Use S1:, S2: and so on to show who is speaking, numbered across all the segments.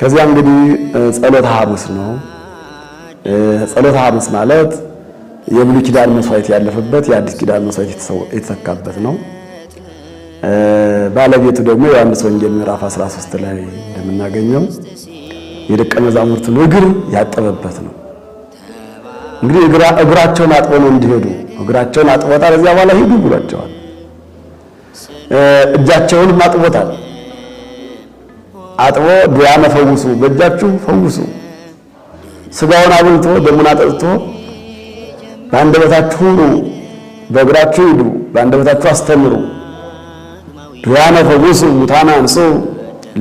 S1: ከዚያ እንግዲህ ጸሎተ ሐሙስ ነው። ጸሎተ ሐሙስ ማለት የብሉይ ኪዳን መስዋዕት ያለፈበት የአዲስ ኪዳን መስዋዕት የተሰካበት ነው። ባለቤቱ ደግሞ ዮሐንስ ወንጌል ምዕራፍ 13 ላይ እንደምናገኘው የደቀ መዛሙርቱን እግር ያጠበበት ነው። እንግዲህ እግራቸውን አጥበው ነው እንዲሄዱ እግራቸውን አጥቦታል። እዚያ በኋላ ሂዱ ብሏቸዋል። እጃቸውን አጥቦታል። አጥቦ ዲያመ ፈውሱ፣ በእጃችሁ ፈውሱ። ስጋውን አብልቶ ደሙን አጠጥቶ በአንደበታችሁ ሁሉ በእግራችሁ ሂዱ፣ በአንደበታችሁ አስተምሩ። ዲያመ ፈውሱ ሙታን አንሱ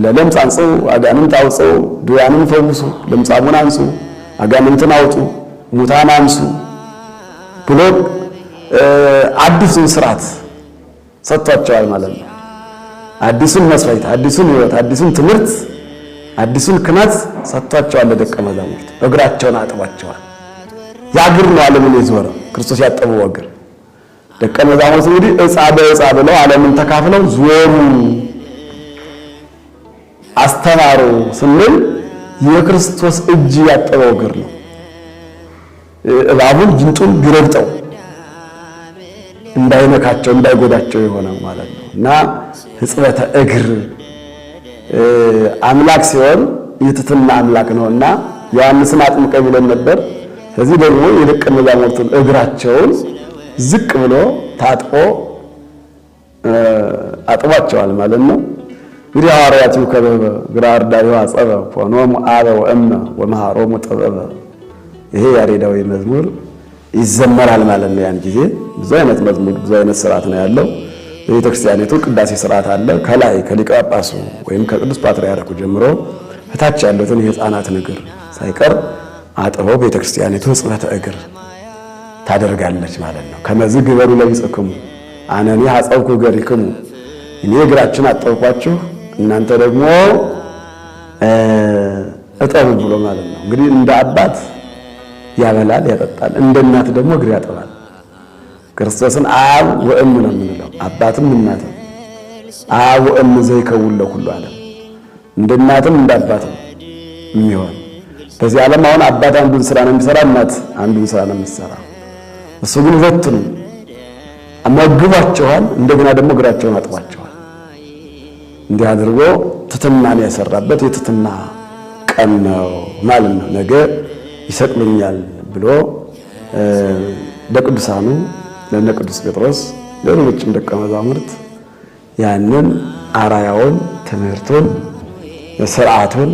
S1: ለለምጽ አንጹ አጋንንት አውጹ ድውያንን ፈውሱ፣ ለምጻሙን አንጹ አጋንንትን አውጡ፣ ሙታን አንሱ ብሎ አዲሱን ስርዓት ሰጥቷቸዋል ማለት ነው። አዲሱን መስዋዕት፣ አዲሱን ህይወት አዲሱን ትምህርት፣ አዲሱን ክናት ሰጥቷቸዋል ለደቀ መዛሙርት። እግራቸውን አጥቧቸዋል። ያግር ነው ዓለምን የዞረ ክርስቶስ ያጠበው እግር። ደቀ መዛሙርት እንግዲህ ዕፃ በዕፃ ብለው ዓለምን ተካፍለው ዞሩ። አስተማሩ ስንል የክርስቶስ እጅ ያጠበው እግር ነው። እባቡን ጊንጡን ቢረግጠው እንዳይነካቸው እንዳይጎዳቸው የሆነው ማለት ነው እና ሕጽበተ እግር አምላክ ሲሆን የትትና አምላክ ነው እና ዮሐንስን አጥምቀ ብለን ነበር። ከዚህ ደግሞ የደቀ መዛሙርቱን እግራቸውን ዝቅ ብሎ ታጥቆ አጥቧቸዋል ማለት ነው። እንግዲህ ሐዋርያት ከበበ ግራ አርዳዊ አጸበ ኮኖሙ አበ ወእመ ወመሃሮሙ ጠበበ ይሄ ያሬዳዊ መዝሙር ይዘመራል ማለት ነው ያን ጊዜ ብዙ አይነት መዝሙር ብዙ አይነት ስርዓት ነው ያለው። በቤተ ክርስቲያኒቱ ቅዳሴ ስርዓት አለ። ከላይ ከሊቀ ጳጳሱ ወይም ከቅዱስ ፓትርያርኩ ጀምሮ እታች ያሉትን የህፃናት እግር ሳይቀር አጥቦ ቤተ ክርስቲያኒቱ ሕጽበተ እግር ታደርጋለች ማለት ነው። ከመዝ ግበሩ ለይጽክሙ አነኒ አጸብኩ እገሪክሙ፣ እኔ እግራችን አጠብኳችሁ እናንተ ደግሞ እጠብ ብሎ ማለት ነው። እንግዲህ እንደ አባት ያበላል፣ ያጠጣል፣ እንደ እናት ደግሞ እግር ያጠባል። ክርስቶስን አብ ወእም ነው የምንለው። አባትም እናትም አብ ወእም ዘይከውን ለኩሉ ዓለም እንደ እናትም እንደ አባትም የሚሆን በዚህ ዓለም አሁን አባት አንዱን ስራ ነው የሚሰራ፣ እናት አንዱን ስራ ነው የሚሰራ። እሱ ግን ሁለቱንም መግቧቸዋል። እንደገና ደግሞ እግራቸውን አጥቧቸዋል። እንዲህ አድርጎ ትሕትናን ያሰራበት የትሕትና ቀን ነው ማለት ነው። ነገ ይሰቅሉኛል ብሎ ለቅዱሳኑ ለነ ቅዱስ ጴጥሮስ ለሌሎችም ደቀ መዛሙርት ያንን አራያውን ትምህርቱን ስርዓቱን